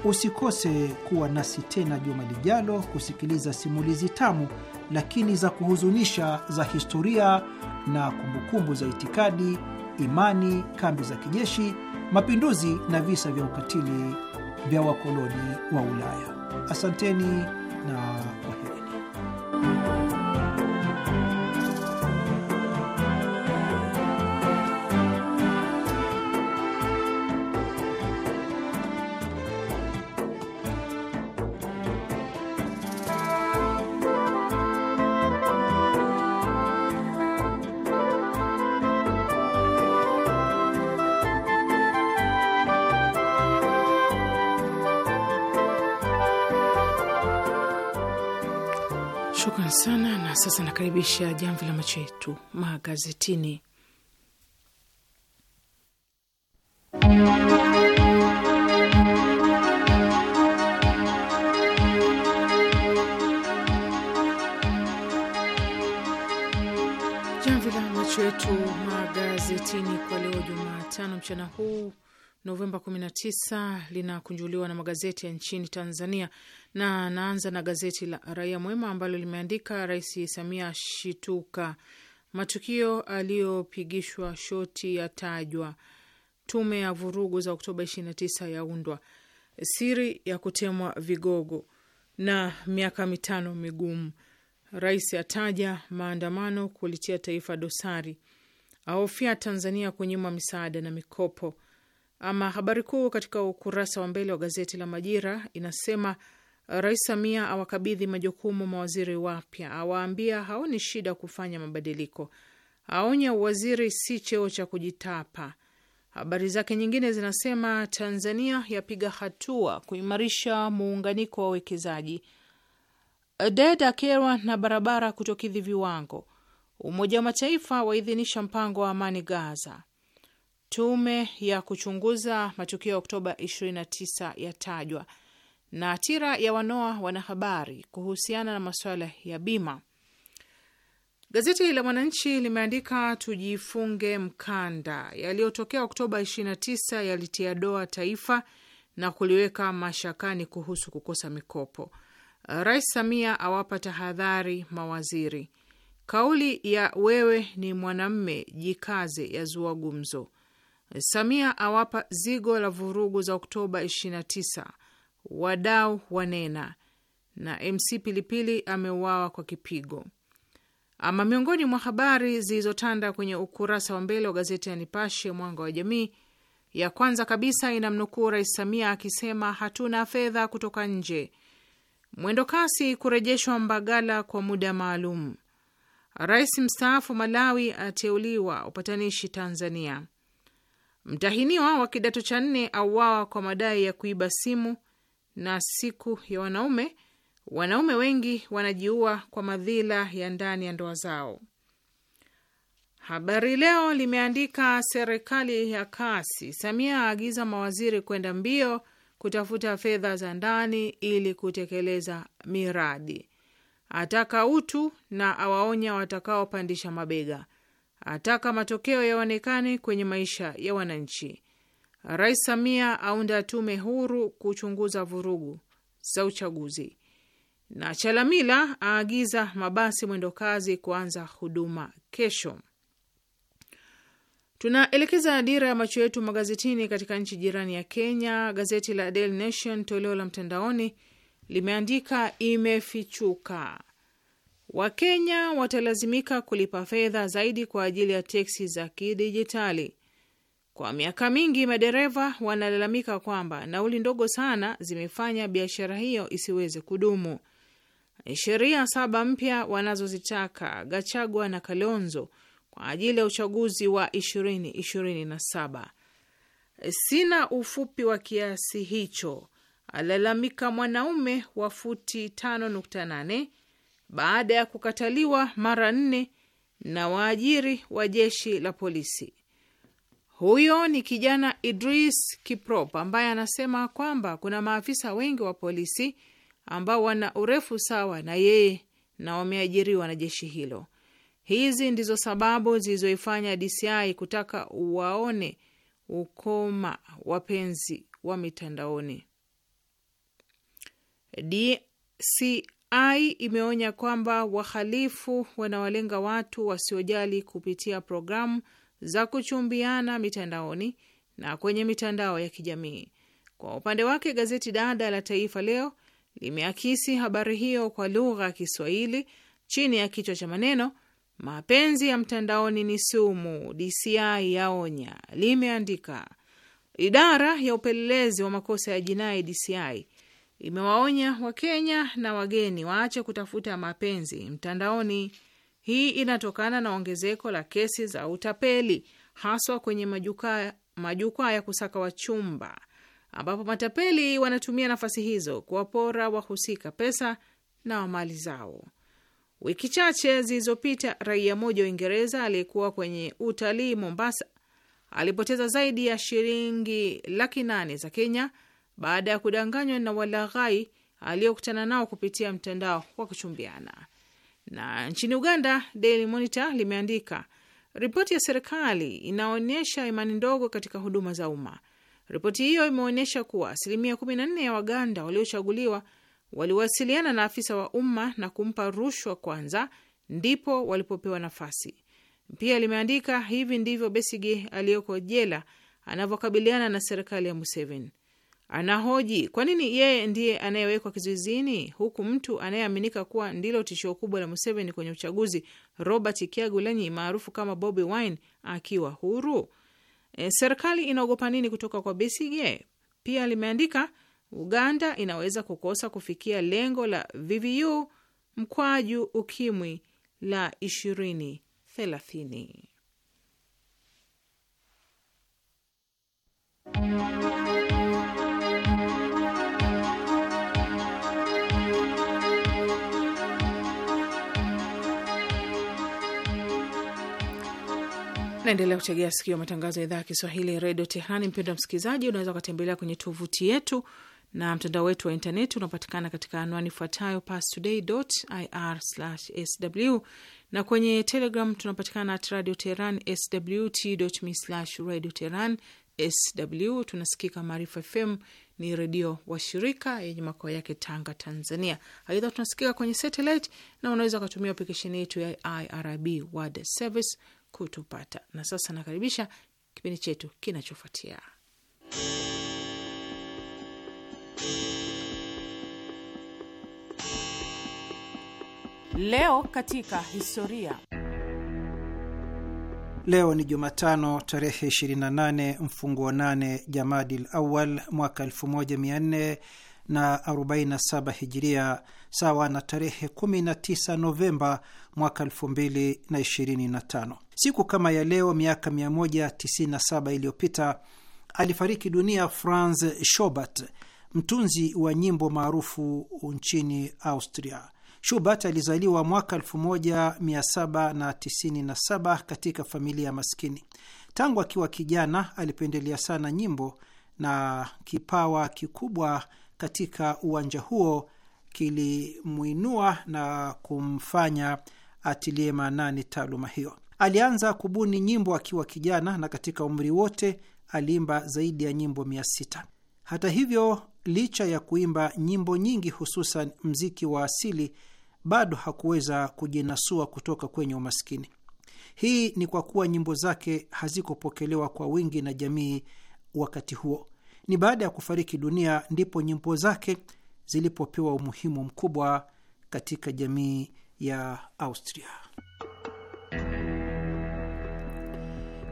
Usikose kuwa nasi tena juma lijalo kusikiliza simulizi tamu lakini za kuhuzunisha za historia na kumbukumbu za itikadi, imani, kambi za kijeshi, mapinduzi na visa vya ukatili vya wakoloni wa Ulaya. Asanteni na Sasa nakaribisha jamvi la macho yetu magazetini. Jamvi la macho yetu magazetini kwa leo Jumatano mchana huu Novemba 19 linakunjuliwa na magazeti ya nchini Tanzania na naanza na gazeti la Raia Mwema ambalo limeandika Rais Samia shituka, matukio aliyopigishwa shoti yatajwa, tume ya vurugu za Oktoba 29 yaundwa, siri ya kutemwa vigogo na miaka mitano migumu. Rais ataja maandamano kulitia taifa dosari, ahofia Tanzania kunyuma misaada na mikopo. Ama habari kuu katika ukurasa wa mbele wa gazeti la Majira inasema Rais Samia awakabidhi majukumu mawaziri wapya, awaambia haoni shida kufanya mabadiliko, aonya uwaziri si cheo cha kujitapa. Habari zake nyingine zinasema Tanzania yapiga hatua kuimarisha muunganiko wa wawekezaji, ded akerwa na barabara kutokidhi viwango, Umoja wa Mataifa waidhinisha mpango wa amani Gaza, tume ya kuchunguza matukio ya Oktoba 29 yatajwa na atira ya wanoa wanahabari kuhusiana na masuala ya bima. Gazeti la Mwananchi limeandika tujifunge mkanda, yaliyotokea Oktoba 29 yalitia doa taifa na kuliweka mashakani kuhusu kukosa mikopo. Rais Samia awapa tahadhari mawaziri. Kauli ya wewe ni mwanamme jikaze yazua gumzo. Samia awapa zigo la vurugu za Oktoba 29 wadau wanena, na MC Pilipili ameuawa kwa kipigo. Ama miongoni mwa habari zilizotanda kwenye ukurasa wa mbele wa gazeti ya Nipashe Mwanga wa Jamii, ya kwanza kabisa inamnukuu Rais Samia akisema hatuna fedha kutoka nje. Mwendokasi kurejeshwa Mbagala kwa muda maalum. Rais mstaafu Malawi ateuliwa upatanishi Tanzania. Mtahiniwa wa kidato cha nne auawa kwa madai ya kuiba simu na siku ya wanaume, wanaume wengi wanajiua kwa madhila ya ndani ya ndoa zao. Habari Leo limeandika serikali ya kasi, Samia aagiza mawaziri kwenda mbio kutafuta fedha za ndani ili kutekeleza miradi, ataka utu na awaonya watakaopandisha mabega, ataka matokeo yaonekane kwenye maisha ya wananchi, Rais Samia aunda tume huru kuchunguza vurugu za uchaguzi, na Chalamila aagiza mabasi mwendokazi kuanza huduma kesho. Tunaelekeza dira ya macho yetu magazetini katika nchi jirani ya Kenya. Gazeti la Daily Nation toleo la mtandaoni limeandika imefichuka, Wakenya watalazimika kulipa fedha zaidi kwa ajili ya teksi za kidijitali. Kwa miaka mingi madereva wanalalamika kwamba nauli ndogo sana zimefanya biashara hiyo isiweze kudumu. Sheria saba mpya wanazozitaka Gachagua na Kalonzo kwa ajili ya uchaguzi wa saba. Sina ufupi wa kiasi hicho, alalamika mwanaume wa futi 5.8 baada ya kukataliwa mara nne na waajiri wa jeshi la polisi. Huyo ni kijana Idris Kiprop ambaye anasema kwamba kuna maafisa wengi wa polisi ambao wana urefu sawa na yeye na wameajiriwa na jeshi hilo. Hizi ndizo sababu zilizoifanya DCI kutaka waone ukoma wapenzi wa mitandaoni. DCI imeonya kwamba wahalifu wanawalenga watu wasiojali kupitia programu za kuchumbiana mitandaoni na kwenye mitandao ya kijamii. Kwa upande wake, gazeti dada la Taifa Leo limeakisi habari hiyo kwa lugha ya Kiswahili chini ya kichwa cha maneno mapenzi ya mtandaoni ni sumu, DCI yaonya. Limeandika idara ya upelelezi wa makosa ya jinai DCI imewaonya Wakenya na wageni waache kutafuta mapenzi mtandaoni. Hii inatokana na ongezeko la kesi za utapeli haswa kwenye majukwaa ya kusaka wachumba, ambapo matapeli wanatumia nafasi hizo kuwapora wahusika pesa na mali zao. Wiki chache zilizopita, raia mmoja wa Uingereza aliyekuwa kwenye utalii Mombasa alipoteza zaidi ya shilingi laki nane za Kenya baada ya kudanganywa na walaghai aliyokutana nao kupitia mtandao wa kuchumbiana. Na nchini Uganda, Daily Monitor limeandika ripoti ya serikali inaonyesha imani ndogo katika huduma za umma. Ripoti hiyo imeonyesha kuwa asilimia 14 ya Waganda waliochaguliwa waliwasiliana na afisa wa umma na kumpa rushwa kwanza, ndipo walipopewa nafasi. Pia limeandika hivi ndivyo besigi aliyoko jela anavyokabiliana na serikali ya Museveni. Anahoji kwa nini yeye ndiye anayewekwa kizuizini huku mtu anayeaminika kuwa ndilo tishio kubwa la Museveni kwenye uchaguzi, Robert Kyagulanyi maarufu kama Bobi Wine, akiwa huru. E, serikali inaogopa nini kutoka kwa Besigye? Pia limeandika Uganda inaweza kukosa kufikia lengo la VVU mkwaju ukimwi la ishirini thelathini. Naendelea kutegea sikio matangazo ya idhaa ya Kiswahili redio Tehrani. Mpendo wa msikilizaji, unaweza ukatembelea kwenye tovuti yetu na mtandao wetu wa intaneti unapatikana katika anwani ifuatayo pastoday.ir/sw, na kwenye Telegram tunapatikana at radio teheran sw t.me/radio teheran sw. Tunasikika Maarifa FM ni redio washirika yenye makao yake Tanga, Tanzania. Aidha, tunasikika kwenye satellite na unaweza ukatumia aplikesheni yetu ya IRIB world service kutupata. Na sasa nakaribisha kipindi chetu kinachofuatia leo katika historia. Leo ni Jumatano tarehe 28 mfungu wa 8 Jamadil Awal mwaka 1447 Hijiria, sawa na tarehe 19 Novemba mwaka 2025. Siku kama ya leo miaka 197 iliyopita alifariki dunia Franz Schubert, mtunzi wa nyimbo maarufu nchini Austria. Schubert alizaliwa mwaka 1797 katika familia maskini. Tangu akiwa kijana alipendelea sana nyimbo na kipawa kikubwa katika uwanja huo kilimwinua na kumfanya atilie maanani taaluma hiyo. Alianza kubuni nyimbo akiwa kijana na katika umri wote aliimba zaidi ya nyimbo mia sita. Hata hivyo, licha ya kuimba nyimbo nyingi, hususan mziki wa asili, bado hakuweza kujinasua kutoka kwenye umaskini. Hii ni kwa kuwa nyimbo zake hazikupokelewa kwa wingi na jamii wakati huo. Ni baada ya kufariki dunia ndipo nyimbo zake zilipopewa umuhimu mkubwa katika jamii ya Austria.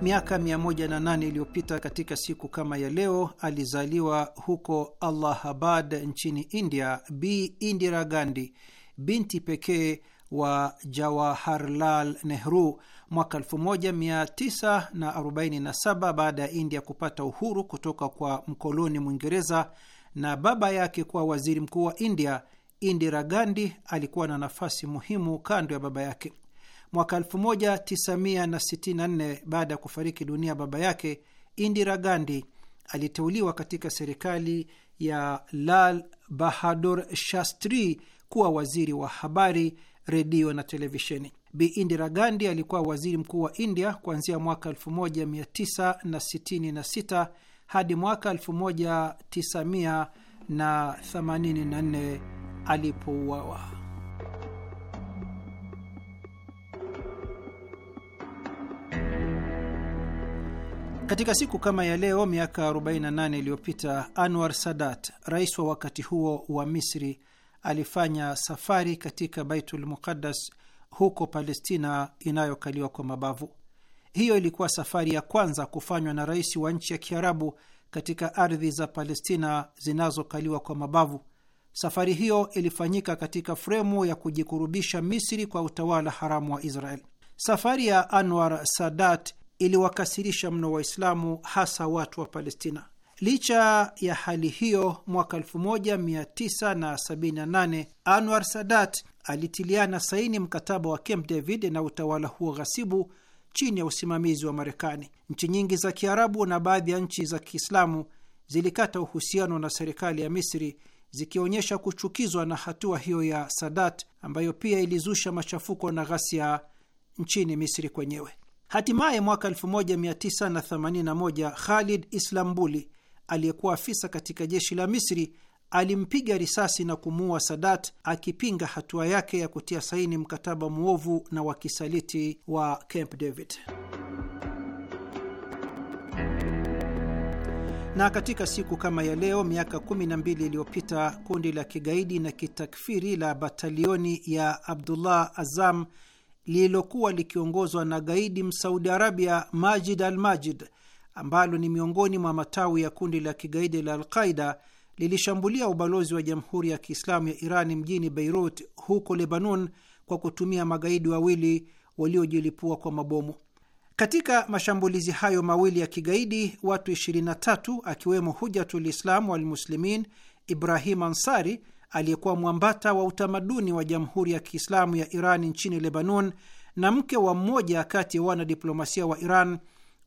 Miaka 108 iliyopita katika siku kama ya leo alizaliwa huko Allahabad nchini India b Indira Gandhi, binti pekee wa Jawaharlal Nehru. Mwaka 1947 baada ya India kupata uhuru kutoka kwa mkoloni Mwingereza na baba yake kuwa waziri mkuu wa India, Indira Gandhi alikuwa na nafasi muhimu kando ya baba yake. Mwaka 1964 baada ya kufariki dunia baba yake, Indira Gandhi aliteuliwa katika serikali ya Lal Bahadur Shastri kuwa waziri wa habari, redio na televisheni. Bi Indira Gandhi alikuwa waziri mkuu wa India kuanzia mwaka 1966 hadi mwaka 1984 alipouawa. Katika siku kama ya leo miaka 48 iliyopita Anwar Sadat, rais wa wakati huo wa Misri, alifanya safari katika Baitul Muqaddas huko Palestina inayokaliwa kwa mabavu. Hiyo ilikuwa safari ya kwanza kufanywa na rais wa nchi ya Kiarabu katika ardhi za Palestina zinazokaliwa kwa mabavu. Safari hiyo ilifanyika katika fremu ya kujikurubisha Misri kwa utawala haramu wa Israel. Safari ya Anwar Sadat iliwakasirisha mno Waislamu, hasa watu wa Palestina. Licha ya hali hiyo, mwaka 1978 Anwar Sadat alitiliana saini mkataba wa Camp David na utawala huo ghasibu chini ya usimamizi wa Marekani. Nchi nyingi za Kiarabu na baadhi ya nchi za Kiislamu zilikata uhusiano na serikali ya Misri zikionyesha kuchukizwa na hatua hiyo ya Sadat ambayo pia ilizusha machafuko na ghasia nchini Misri kwenyewe. Hatimaye mwaka 1981 Khalid Islambuli aliyekuwa afisa katika jeshi la Misri alimpiga risasi na kumuua Sadat akipinga hatua yake ya kutia saini mkataba mwovu na wakisaliti wa Camp David. Na katika siku kama ya leo miaka 12 iliyopita kundi la kigaidi na kitakfiri la batalioni ya Abdullah Azam lililokuwa likiongozwa na gaidi Msaudi Arabia Majid al Majid, ambalo ni miongoni mwa matawi ya kundi la kigaidi la Alqaida lilishambulia ubalozi wa Jamhuri ya Kiislamu ya Iran mjini Beirut huko Lebanon kwa kutumia magaidi wawili waliojilipua kwa mabomu. Katika mashambulizi hayo mawili ya kigaidi, watu 23 akiwemo Hujatul Islam Walmuslimin Ibrahim Ansari aliyekuwa mwambata wa utamaduni wa Jamhuri ya Kiislamu ya Iran nchini Lebanon na mke wa mmoja kati ya wanadiplomasia wa Iran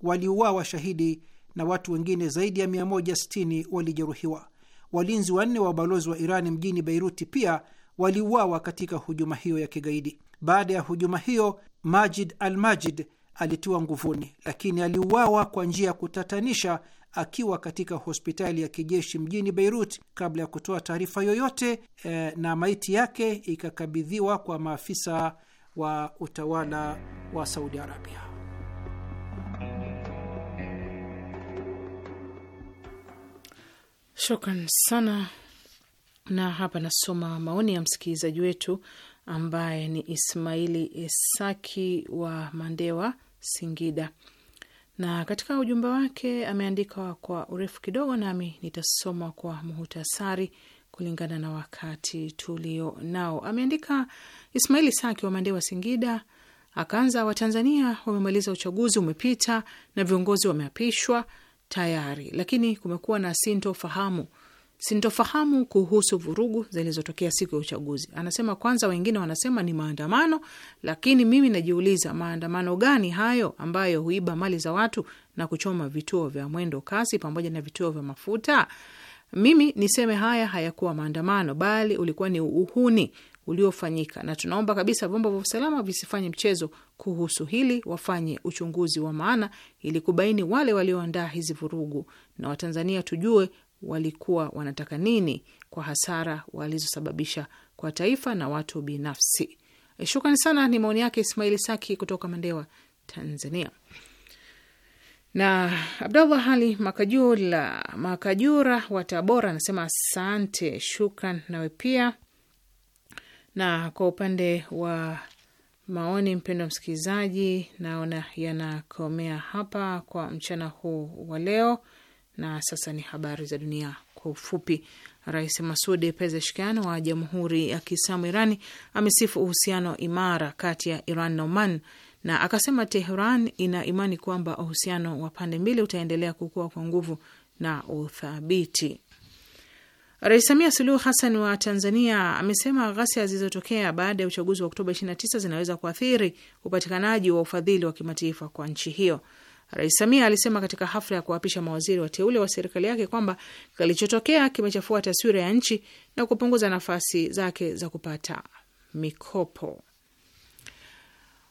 waliuawa shahidi na watu wengine zaidi ya 160 walijeruhiwa. Walinzi wanne wa ubalozi wa Iran mjini Beiruti pia waliuawa katika hujuma hiyo ya kigaidi. Baada ya hujuma hiyo, Majid al Majid alitiwa nguvuni, lakini aliuawa kwa njia ya kutatanisha akiwa katika hospitali ya kijeshi mjini Beirut kabla ya kutoa taarifa yoyote e, na maiti yake ikakabidhiwa kwa maafisa wa utawala wa Saudi Arabia. Shukran sana. Na hapa nasoma maoni ya msikilizaji wetu ambaye ni Ismaili Isaki wa Mandewa, Singida na katika ujumbe wake ameandika kwa urefu kidogo, nami nitasoma kwa muhutasari kulingana na wakati tulio nao. Ameandika Ismaili Saki wa Mande wa Singida akaanza, Watanzania wamemaliza uchaguzi umepita na viongozi wameapishwa tayari, lakini kumekuwa na sintofahamu sintofahamu kuhusu vurugu zilizotokea siku ya uchaguzi. Anasema kwanza, wengine wanasema ni maandamano, lakini mimi najiuliza maandamano gani hayo ambayo huiba mali za watu na kuchoma vituo vya mwendo kasi pamoja na vituo vya mafuta? Mimi niseme haya hayakuwa maandamano, bali ulikuwa ni uhuni uliofanyika, na tunaomba kabisa vyombo vya usalama visifanye mchezo kuhusu hili, wafanye uchunguzi wa maana ili kubaini wale walioandaa hizi vurugu, na Watanzania tujue walikuwa wanataka nini kwa hasara walizosababisha kwa taifa na watu binafsi. Eh, shukrani sana, ni maoni yake Ismaili Saki kutoka Mandewa, Tanzania. Na Abdallah Ali Makajula Makajura wa Tabora anasema asante, shukran nawe pia. Na kwa upande wa maoni, mpendo wa msikilizaji, naona yanakomea hapa kwa mchana huu wa leo. Na sasa ni habari za dunia kwa ufupi. Rais Masudi Pezeshkian wa Jamhuri ya Kiislamu Irani amesifu uhusiano imara kati ya Iran na Oman na akasema Tehran ina imani kwamba uhusiano wa pande mbili utaendelea kukua kwa nguvu na uthabiti. Rais Samia Suluhu Hassan wa Tanzania amesema ghasia zilizotokea baada ya uchaguzi wa Oktoba 29 zinaweza kuathiri upatikanaji wa ufadhili wa kimataifa kwa nchi hiyo. Rais Samia alisema katika hafla ya kuwapisha mawaziri wateule wa serikali yake kwamba kilichotokea kimechafua taswira ya nchi na kupunguza nafasi zake za kupata mikopo.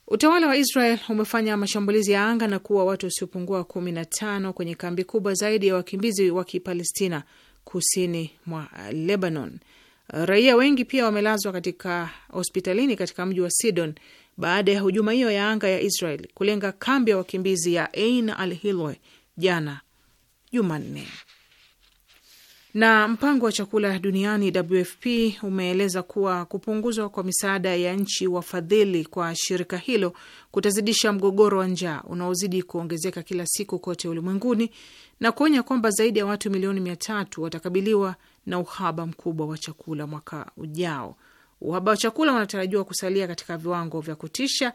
Utawala wa Israel umefanya mashambulizi ya anga na kuua watu wasiopungua tano kwenye kambi kubwa zaidi ya wakimbizi wa Kipalestina kusini mwa Lebanon. Raia wengi pia wamelazwa katika hospitalini katika mji wa Sidon baada ya hujuma hiyo ya anga ya Israel kulenga kambi ya wakimbizi ya Ain al Hilwe jana Jumanne. Na mpango wa chakula duniani WFP umeeleza kuwa kupunguzwa kwa misaada ya nchi wafadhili kwa shirika hilo kutazidisha mgogoro wa njaa unaozidi kuongezeka kila siku kote ulimwenguni na kuonya kwamba zaidi ya watu milioni mia tatu watakabiliwa na uhaba mkubwa wa chakula mwaka ujao. Uhaba wa chakula unatarajiwa kusalia katika viwango vya kutisha,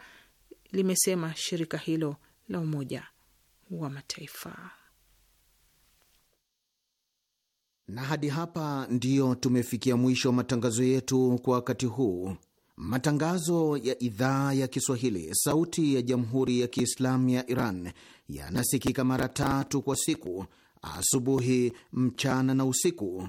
limesema shirika hilo la Umoja wa Mataifa. Na hadi hapa ndiyo tumefikia mwisho wa matangazo yetu kwa wakati huu. Matangazo ya idhaa ya Kiswahili, Sauti ya Jamhuri ya Kiislamu ya Iran yanasikika mara tatu kwa siku: asubuhi, mchana na usiku.